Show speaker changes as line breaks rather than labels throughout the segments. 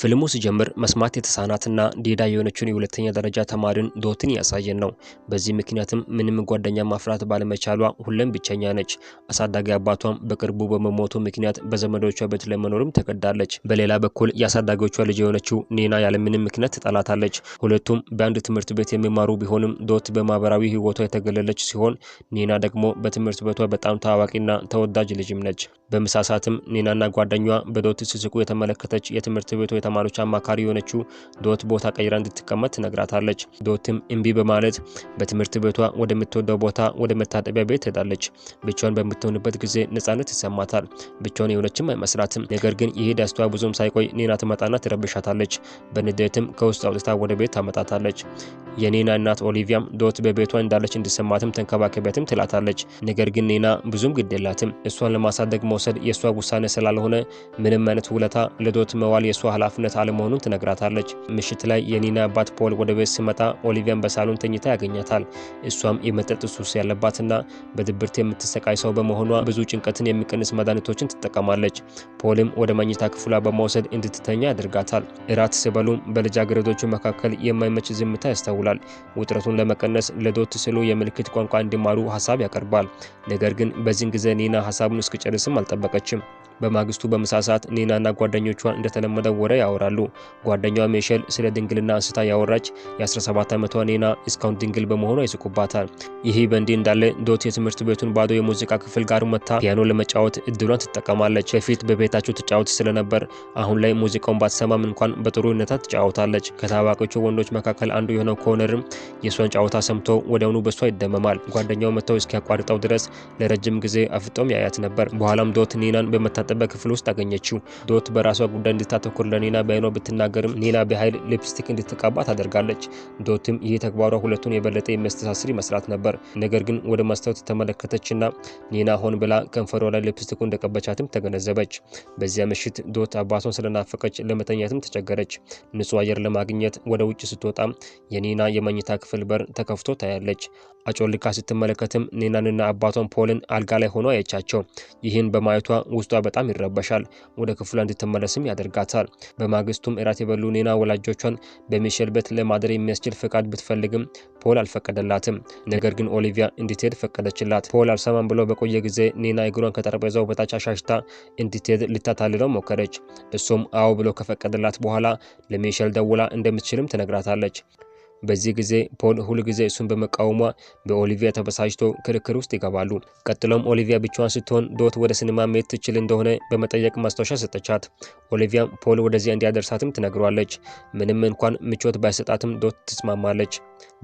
ፊልሙ ሲጀምር መስማት የተሳናትና ዴዳ የሆነችውን የሁለተኛ ደረጃ ተማሪን ዶትን ያሳየን ነው። በዚህ ምክንያትም ምንም ጓደኛ ማፍራት ባለመቻሏ ሁለም ብቸኛ ነች። አሳዳጊ አባቷም በቅርቡ በመሞቱ ምክንያት በዘመዶቿ ቤት ለመኖርም ተገዳለች። በሌላ በኩል የአሳዳጊዎቿ ልጅ የሆነችው ኔና ያለምንም ምክንያት ትጠላታለች። ሁለቱም በአንድ ትምህርት ቤት የሚማሩ ቢሆንም ዶት በማህበራዊ ህይወቷ የተገለለች ሲሆን፣ ኔና ደግሞ በትምህርት ቤቷ በጣም ታዋቂና ተወዳጅ ልጅም ነች። በምሳሳትም ኒናና ኔናና ጓደኛዋ በዶት ሲስቁ የተመለከተች የትምህርት ቤቱ ተማሪዎች አማካሪ የሆነችው ዶት ቦታ ቀይራ እንድትቀመጥ ትነግራታለች። ዶትም እምቢ በማለት በትምህርት ቤቷ ወደምትወደው ቦታ ወደ መታጠቢያ ቤት ትሄዳለች። ብቻዋን በምትሆንበት ጊዜ ነጻነት ይሰማታል። ብቻውን የሆነችም አይመስላትም። ነገር ግን ይሄ ደስታዋ ብዙም ሳይቆይ ኔና ትመጣና ትረብሻታለች። በንዴትም ከውስጥ አውጥታ ወደ ቤት ታመጣታለች። የኔና እናት ኦሊቪያም ዶት በቤቷ እንዳለች እንዲሰማትም ተንከባከቢያትም ትላታለች። ነገር ግን ኔና ብዙም ግድ የላትም። እሷን ለማሳደግ መውሰድ የእሷ ውሳኔ ስላልሆነ ምንም አይነት ውለታ ለዶት መዋል የእሷ ኃላፊነት ኃላፊነት አለመሆኑን ትነግራታለች። ምሽት ላይ የኒና አባት ፖል ወደ ቤት ሲመጣ ኦሊቪያን በሳሎን ተኝታ ያገኛታል። እሷም የመጠጥ ሱስ ያለባትና በድብርት የምትሰቃይ ሰው በመሆኗ ብዙ ጭንቀትን የሚቀንስ መድኃኒቶችን ትጠቀማለች። ፖልም ወደ መኝታ ክፍሏ በመውሰድ እንድትተኛ ያደርጋታል። እራት ሲበሉም በልጃገረዶቹ መካከል የማይመች ዝምታ ያስተውላል። ውጥረቱን ለመቀነስ ለዶት ስሉ የምልክት ቋንቋ እንዲማሩ ሀሳብ ያቀርባል። ነገር ግን በዚህን ጊዜ ኒና ሀሳቡን እስክጨርስም አልጠበቀችም። በማግስቱ በምሳ ሰዓት ኒናና ጓደኞቿን እንደተለመደ ወሬ ያወራሉ። ጓደኛዋ ሜሸል ስለ ድንግልና አንስታ ያወራች የ17 ዓመቷ ኒና እስካሁን ድንግል በመሆኗ ይስቁባታል። ይህ በእንዲህ እንዳለ ዶት የትምህርት ቤቱን ባዶ የሙዚቃ ክፍል ጋር መታ ፒያኖ ለመጫወት እድሏን ትጠቀማለች። በፊት በቤታቸው ትጫወት ስለነበር አሁን ላይ ሙዚቃውን ባትሰማም እንኳን በጥሩ ሁኔታ ትጫወታለች። ከታዋቂዎቹ ወንዶች መካከል አንዱ የሆነው ኮነርም የእሷን ጫወታ ሰምቶ ወዲያውኑ በእሷ ይደመማል። ጓደኛው መጥተው እስኪያቋርጠው ድረስ ለረጅም ጊዜ አፍጦም ያያት ነበር። በኋላም ዶት ኒናን በመታ በክፍል ውስጥ አገኘችው። ዶት በራሷ ጉዳይ እንድታተኩር ለኔና በአይኗ ብትናገርም ኔላ በኃይል ሊፕስቲክ እንድትቀባ ታደርጋለች። ዶትም ይህ ተግባሯ ሁለቱን የበለጠ የሚያስተሳስር ይመስላት ነበር። ነገር ግን ወደ መስታወት ተመለከተችና ኔና ሆን ብላ ከንፈሯ ላይ ሊፕስቲኩ እንደቀበቻትም ተገነዘበች። በዚያ ምሽት ዶት አባቷን ስለናፈቀች ለመተኛትም ተቸገረች። ንጹህ አየር ለማግኘት ወደ ውጭ ስትወጣ የኔና የመኝታ ክፍል በር ተከፍቶ ታያለች። አጮልካ ስትመለከትም ኒናንና አባቷን ፖልን አልጋ ላይ ሆኖ አየቻቸው። ይህን በማየቷ ውስጧ በጣም ይረበሻል። ወደ ክፍሏ እንድትመለስም ያደርጋታል። በማግስቱም እራት የበሉ ኒና ወላጆቿን በሚሼል ቤት ለማደር የሚያስችል ፍቃድ ብትፈልግም ፖል አልፈቀደላትም። ነገር ግን ኦሊቪያ እንድትሄድ ፈቀደችላት። ፖል አልሰማም ብሎ በቆየ ጊዜ ኒና እግሯን ከጠረጴዛው በታች አሻሽታ እንድትሄድ ልታታልለው ሞከረች። እሱም አዎ ብሎ ከፈቀደላት በኋላ ለሚሼል ደውላ እንደምትችልም ትነግራታለች። በዚህ ጊዜ ፖል ሁልጊዜ እሱን በመቃወሟ በኦሊቪያ ተበሳጭቶ ክርክር ውስጥ ይገባሉ። ቀጥሎም ኦሊቪያ ብቻዋን ስትሆን ዶት ወደ ሲኒማ መሄድ ትችል እንደሆነ በመጠየቅ ማስታወሻ ሰጠቻት። ኦሊቪያም ፖል ወደዚያ እንዲያደርሳትም ትነግሯለች። ምንም እንኳን ምቾት ባይሰጣትም ዶት ትስማማለች።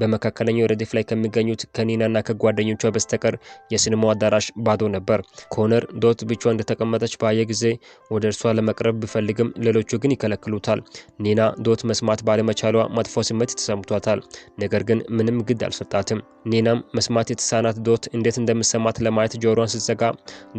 በመካከለኛው ረድፍ ላይ ከሚገኙት ከኒናና ከጓደኞቿ በስተቀር የሲኒማው አዳራሽ ባዶ ነበር። ኮነር ዶት ብቻ እንደተቀመጠች ባየ ጊዜ ወደ እርሷ ለመቅረብ ቢፈልግም ሌሎቹ ግን ይከለክሉታል። ኒና ዶት መስማት ባለመቻሏ መጥፎ ስሜት ተሰምቷታል። ነገር ግን ምንም ግድ አልሰጣትም። ኒናም መስማት የተሳናት ዶት እንዴት እንደምሰማት ለማየት ጆሮን ስትዘጋ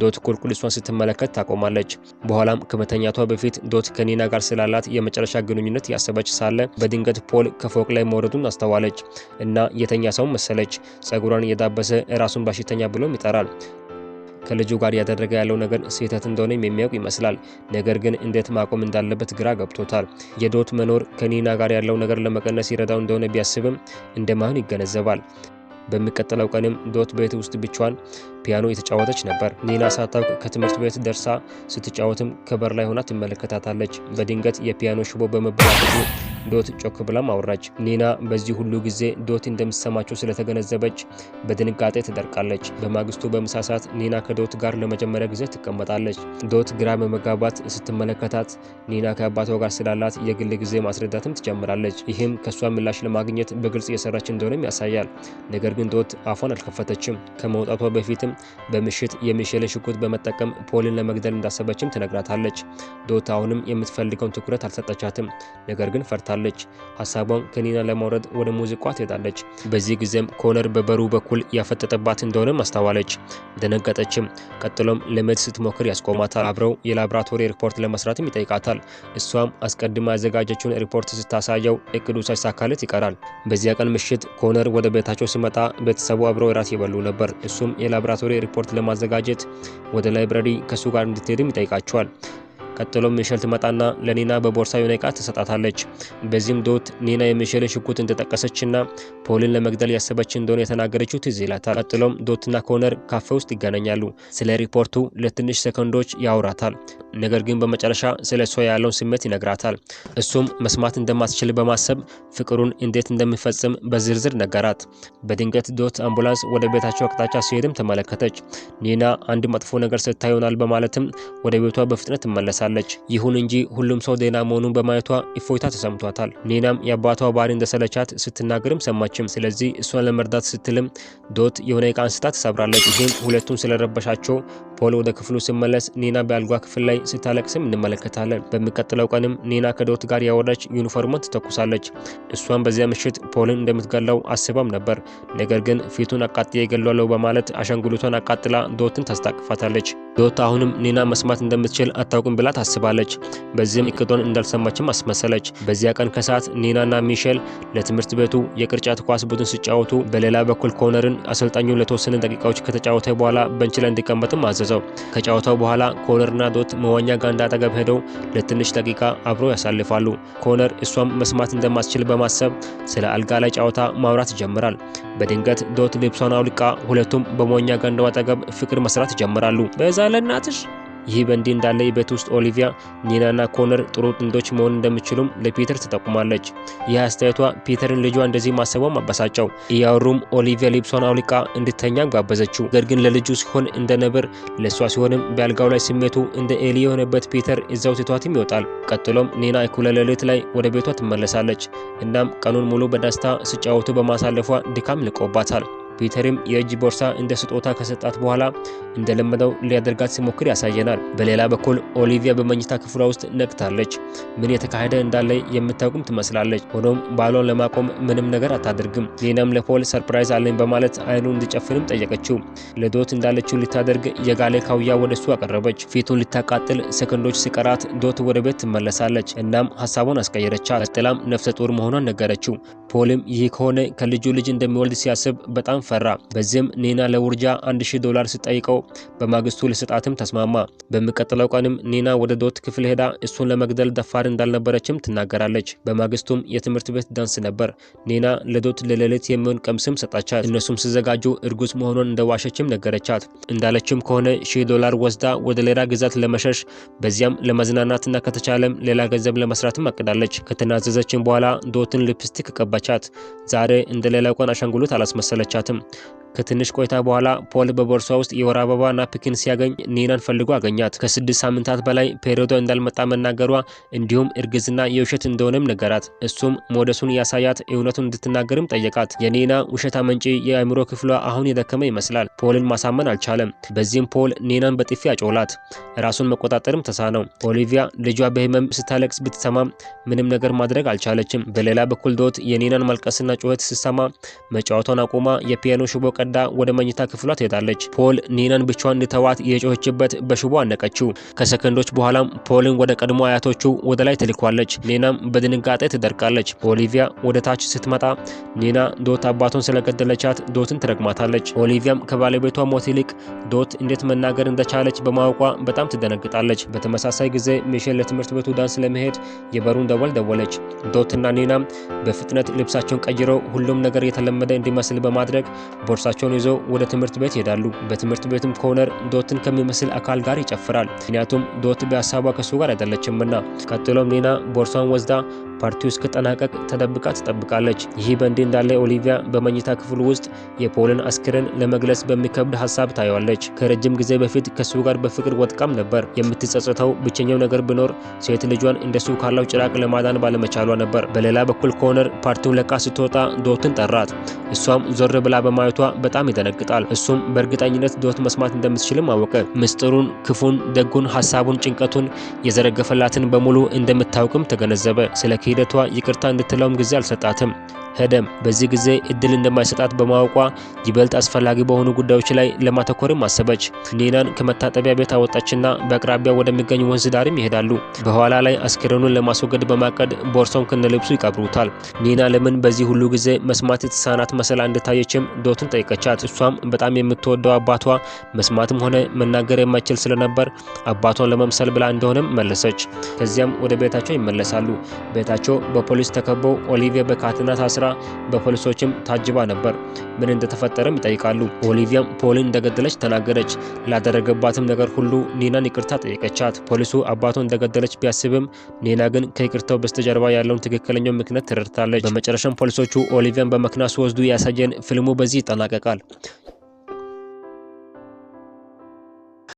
ዶት ቁልቁልሷን ስትመለከት ታቆማለች። በኋላም ከመተኛቷ በፊት ዶት ከኒና ጋር ስላላት የመጨረሻ ግንኙነት ያሰበች ሳለ በድንገት ፖል ከፎቅ ላይ መውረዱን አስተዋለች። እና የተኛ ሰው መሰለች። ጸጉሯን እየዳበሰ ራሱን ባሽተኛ ብሎም ይጠራል። ከልጁ ጋር እያደረገ ያለው ነገር ስህተት እንደሆነ የሚያውቅ ይመስላል። ነገር ግን እንዴት ማቆም እንዳለበት ግራ ገብቶታል። የዶት መኖር ከኒና ጋር ያለው ነገር ለመቀነስ ይረዳው እንደሆነ ቢያስብም እንደማይሆን ይገነዘባል። በሚቀጥለው ቀንም ዶት ቤት ውስጥ ብቻዋን ፒያኖ እየተጫወተች ነበር። ኒና ሳታውቅ ከትምህርት ቤት ደርሳ ስትጫወትም ከበር ላይ ሆና ትመለከታታለች። በድንገት የፒያኖ ሽቦ በመበላሸቱ ዶት ጮክ ብላም አወራች። ኒና በዚህ ሁሉ ጊዜ ዶት እንደምትሰማቸው ስለተገነዘበች በድንጋጤ ትደርቃለች። በማግስቱ በምሳ ሰዓት ኒና ከዶት ጋር ለመጀመሪያ ጊዜ ትቀመጣለች። ዶት ግራ በመጋባት ስትመለከታት ኒና ከአባቷ ጋር ስላላት የግል ጊዜ ማስረዳትም ትጀምራለች። ይህም ከእሷ ምላሽ ለማግኘት በግልጽ እየሰራች እንደሆነም ያሳያል። ነገር ግን ዶት አፏን አልከፈተችም። ከመውጣቷ በፊትም በምሽት የሚሼልን ሽጉጥ በመጠቀም ፖልን ለመግደል እንዳሰበችም ትነግራታለች። ዶት አሁንም የምትፈልገውን ትኩረት አልሰጠቻትም። ነገር ግን ፈርታለች። ትወጣለች። ሀሳቧን ከኒና ለማውረድ ወደ ሙዚቋ ትሄዳለች። በዚህ ጊዜም ኮነር በበሩ በኩል ያፈጠጠባት እንደሆነም አስተዋለች። ደነገጠችም። ቀጥሎም ለመድ ስትሞክር ያስቆማታል። አብረው የላብራቶሪ ሪፖርት ለመስራትም ይጠይቃታል። እሷም አስቀድማ ያዘጋጀችውን ሪፖርት ስታሳየው እቅዱ ሳይሳካለት ይቀራል። በዚያ ቀን ምሽት ኮነር ወደ ቤታቸው ሲመጣ ቤተሰቡ አብረው እራት ይበሉ ነበር። እሱም የላብራቶሪ ሪፖርት ለማዘጋጀት ወደ ላይብረሪ ከሱ ጋር እንድትሄድም ይጠይቃቸዋል። ቀጥሎም ሚሼል ትመጣና ለኒና በቦርሳ የሆነ እቃ ትሰጣታለች። በዚህም ዶት ኒና የሚሼልን ሽጉጥ እንደጠቀሰችና ፖሊን ለመግደል ያሰበች እንደሆነ የተናገረችው ትዝ ይላታል። ቀጥሎም ዶትና ኮነር ካፌ ውስጥ ይገናኛሉ። ስለ ሪፖርቱ ለትንሽ ሰከንዶች ያወራታል። ነገር ግን በመጨረሻ ስለ እሷ ያለውን ስሜት ይነግራታል። እሱም መስማት እንደማትችል በማሰብ ፍቅሩን እንዴት እንደሚፈጽም በዝርዝር ነገራት። በድንገት ዶት አምቡላንስ ወደ ቤታቸው አቅጣጫ ሲሄድም ተመለከተች። ኒና አንድ መጥፎ ነገር ስታይ ይሆናል በማለትም ወደ ቤቷ በፍጥነት ትመለሳል። ተደስታለች። ይሁን እንጂ ሁሉም ሰው ዴና መሆኑን በማየቷ እፎይታ ተሰምቷታል። ኒናም የአባቷ ባህሪ እንደሰለቻት ስትናገርም ሰማችም። ስለዚህ እሷን ለመርዳት ስትልም ዶት የሆነ ዕቃ አንስታ ትሰብራለች። ይህም ሁለቱም ስለረበሻቸው ፖል ወደ ክፍሉ ሲመለስ ኒና በአልጓ ክፍል ላይ ስታለቅስም እንመለከታለን። በሚቀጥለው ቀንም ኒና ከዶት ጋር ያወራች ዩኒፎርሟን ትተኩሳለች። እሷን በዚያ ምሽት ፖልን እንደምትገላው አስባም ነበር። ነገር ግን ፊቱን አቃጥዬ ገሏለው በማለት አሻንጉሊቷን አቃጥላ ዶትን ታስታቅፋታለች። ዶት አሁንም ኒና መስማት እንደምትችል አታውቅም ብላ ታስባለች። በዚህም እቅዷን እንዳልሰማችም አስመሰለች። በዚያ ቀን ከሰዓት ኒናና ሚሼል ለትምህርት ቤቱ የቅርጫት ኳስ ቡድን ሲጫወቱ፣ በሌላ በኩል ኮነርን አሰልጣኙ ለተወሰነ ደቂቃዎች ከተጫወተ በኋላ በንች ላይ እንዲቀመጥም አዘዘው። ከጫወታው በኋላ ኮነርና ዶት መዋኛ ጋንዳ አጠገብ ሄደው ለትንሽ ደቂቃ አብረው ያሳልፋሉ። ኮነር እሷም መስማት እንደማትችል በማሰብ ስለ አልጋ ላይ ጨዋታ ማውራት ይጀምራል። በድንገት ዶት ልብሷን አውልቃ ሁለቱም በመዋኛ ጋንዳው አጠገብ ፍቅር መስራት ይጀምራሉ። በዛ ለእናትሽ? ይህ በእንዲህ እንዳለ የቤት ውስጥ ኦሊቪያ ኒናና ኮነር ጥሩ ጥንዶች መሆን እንደሚችሉም ለፒተር ትጠቁማለች። ይህ አስተያየቷ ፒተርን ልጇ እንደዚህ ማሰቧም አበሳጨው። እያወሩም ኦሊቪያ ልብሷን አውልቃ እንድተኛም ጋበዘችው። ነገር ግን ለልጁ ሲሆን እንደ ነብር፣ ለእሷ ሲሆንም በአልጋው ላይ ስሜቱ እንደ ኤሊ የሆነበት ፒተር እዛው ትቷትም ይወጣል። ቀጥሎም ኒና እኩለ ሌሊት ላይ ወደ ቤቷ ትመለሳለች። እናም ቀኑን ሙሉ በደስታ ሲጫወቱ በማሳለፏ ድካም ልቆባታል። ፒተርም የእጅ ቦርሳ እንደ ስጦታ ከሰጣት በኋላ እንደለመደው ሊያደርጋት ሲሞክር ያሳየናል። በሌላ በኩል ኦሊቪያ በመኝታ ክፍሏ ውስጥ ነቅታለች። ምን የተካሄደ እንዳለ የምታውቁም ትመስላለች። ሆኖም ባሏን ለማቆም ምንም ነገር አታደርግም። ዜናም ለፖል ሰርፕራይዝ አለኝ በማለት አይኑ እንዲጨፍንም ጠየቀችው። ለዶት እንዳለችው ልታደርግ የጋሌ ካውያ ወደ እሱ አቀረበች። ፊቱን ልታቃጥል ሰከንዶች ሲቀራት ዶት ወደ ቤት ትመለሳለች። እናም ሀሳቧን አስቀየረቻት። ቀጥላም ነፍሰ ጡር መሆኗን ነገረችው። ፖልም ይህ ከሆነ ከልጁ ልጅ እንደሚወልድ ሲያስብ በጣም ፈራ። በዚህም ኔና ለውርጃ 1000 ዶላር ስጠይቀው በማግስቱ ልስጣትም ተስማማ። በሚቀጥለው ቀንም ኔና ወደ ዶት ክፍል ሄዳ እሱን ለመግደል ደፋር እንዳልነበረችም ትናገራለች። በማግስቱም የትምህርት ቤት ዳንስ ነበር። ኔና ለዶት ለሌሊት የሚሆን ቀሚስም ሰጣቻት። እነሱም ሲዘጋጁ እርጉዝ መሆኗን እንደዋሸችም ነገረቻት። እንዳለችም ከሆነ ሺህ ዶላር ወስዳ ወደ ሌላ ግዛት ለመሸሽ በዚያም ለመዝናናትና ከተቻለም ሌላ ገንዘብ ለመስራትም አቅዳለች። ከተናዘዘችም በኋላ ዶትን ሊፕስቲክ ቀባ አገባቻት። ዛሬ እንደሌላ ቀን አሻንጉሊት አላስመሰለቻትም። ከትንሽ ቆይታ በኋላ ፖል በቦርሷ ውስጥ የወር አበባ ናፕኪን ሲያገኝ ኒናን ፈልጎ አገኛት። ከስድስት ሳምንታት በላይ ፔሪዮዷ እንዳልመጣ መናገሯ እንዲሁም እርግዝና የውሸት እንደሆነም ነገራት። እሱም ሞደሱን ያሳያት እውነቱን እንድትናገርም ጠየቃት። የኒና ውሸት አመንጪ የአእምሮ ክፍሏ አሁን የደከመ ይመስላል። ፖልን ማሳመን አልቻለም። በዚህም ፖል ኒናን በጥፊ አጮላት። ራሱን መቆጣጠርም ተሳነው። ኦሊቪያ ልጇ በህመም ስታለቅስ ብትሰማም ምንም ነገር ማድረግ አልቻለችም። በሌላ በኩል ዶት የኒናን ማልቀስና ጩኸት ስትሰማ መጫወቷን አቁማ የፒያኖ ሽቦ እየተረዳ ወደ መኝታ ክፍሏ ትሄዳለች። ፖል ኒናን ብቻዋን እንድተዋት የጮኸችበት በሽቦ አነቀችው። ከሰከንዶች በኋላም ፖልን ወደ ቀድሞ አያቶቹ ወደ ላይ ትልኳለች። ኒናም በድንጋጤ ትደርቃለች። ኦሊቪያ ወደ ታች ስትመጣ ኒና ዶት አባቷን ስለገደለቻት ዶትን ትረግማታለች። ኦሊቪያም ከባለቤቷ ሞት ይልቅ ዶት እንዴት መናገር እንደቻለች በማወቋ በጣም ትደነግጣለች። በተመሳሳይ ጊዜ ሚሼል ለትምህርት ቤቱ ዳንስ ለመሄድ የበሩን ደወል ደወለች። ዶትና ኒናም በፍጥነት ልብሳቸውን ቀይረው ሁሉም ነገር የተለመደ እንዲመስል በማድረግ ቦርሳ ዶታቸውን ይዘው ወደ ትምህርት ቤት ይሄዳሉ። በትምህርት ቤትም ኮነር ዶትን ከሚመስል አካል ጋር ይጨፍራል። ምክንያቱም ዶት በሀሳቧ ከሱ ጋር አይደለችምና። ቀጥሎም ኒና ቦርሷን ወስዳ ፓርቲው እስከጠናቀቅ ተደብቃ ትጠብቃለች። ይህ በእንዲህ እንዳለ ኦሊቪያ በመኝታ ክፍል ውስጥ የፖልን አስክሬን ለመግለጽ በሚከብድ ሀሳብ ታየዋለች። ከረጅም ጊዜ በፊት ከሱ ጋር በፍቅር ወጥቃም ነበር። የምትጸጸተው ብቸኛው ነገር ቢኖር ሴት ልጇን እንደሱ ካለው ጭራቅ ለማዳን ባለመቻሏ ነበር። በሌላ በኩል ኮነር ፓርቲውን ለቃ ስትወጣ ዶትን ጠራት። እሷም ዞር ብላ በማየቷ በጣም ይደነግጣል። እሱም በእርግጠኝነት ዶት መስማት እንደምትችልም አወቀ። ምስጢሩን፣ ክፉን፣ ደጉን፣ ሀሳቡን፣ ጭንቀቱን የዘረገፈላትን በሙሉ እንደምታውቅም ተገነዘበ። ስለ ክህደቷ ይቅርታ እንድትለውም ጊዜ አልሰጣትም። ሄደም። በዚህ ጊዜ እድል እንደማይሰጣት በማወቋ ይበልጥ አስፈላጊ በሆኑ ጉዳዮች ላይ ለማተኮርም አሰበች። ኒናን ከመታጠቢያ ቤት አወጣችና በአቅራቢያ ወደሚገኝ ወንዝ ዳርም ይሄዳሉ። በኋላ ላይ አስክሬኑን ለማስወገድ በማቀድ ቦርሶን ከነልብሱ ይቀብሩታል። ኒና ለምን በዚህ ሁሉ ጊዜ መስማት የተሳናት መሰላ እንደታየችም ዶትን ጠይቀቻት። እሷም በጣም የምትወደው አባቷ መስማትም ሆነ መናገር የማይችል ስለነበር አባቷን ለመምሰል ብላ እንደሆነም መለሰች። ከዚያም ወደ ቤታቸው ይመለሳሉ። ቤታቸው በፖሊስ ተከበው ኦሊቪያ በካቴና ታስራ በፖሊሶችም ታጅባ ነበር። ምን እንደተፈጠረም ይጠይቃሉ። ኦሊቪያም ፖሊን እንደገደለች ተናገረች። ላደረገባትም ነገር ሁሉ ኒናን ይቅርታ ጠየቀቻት። ፖሊሱ አባቷ እንደገደለች ቢያስብም ኒና ግን ከይቅርታው በስተጀርባ ያለውን ትክክለኛው ምክንያት ትረድታለች። በመጨረሻም ፖሊሶቹ ኦሊቪያን በመኪና ሲወስዱ ያሳየን ፊልሙ በዚህ ይጠናቀቃል።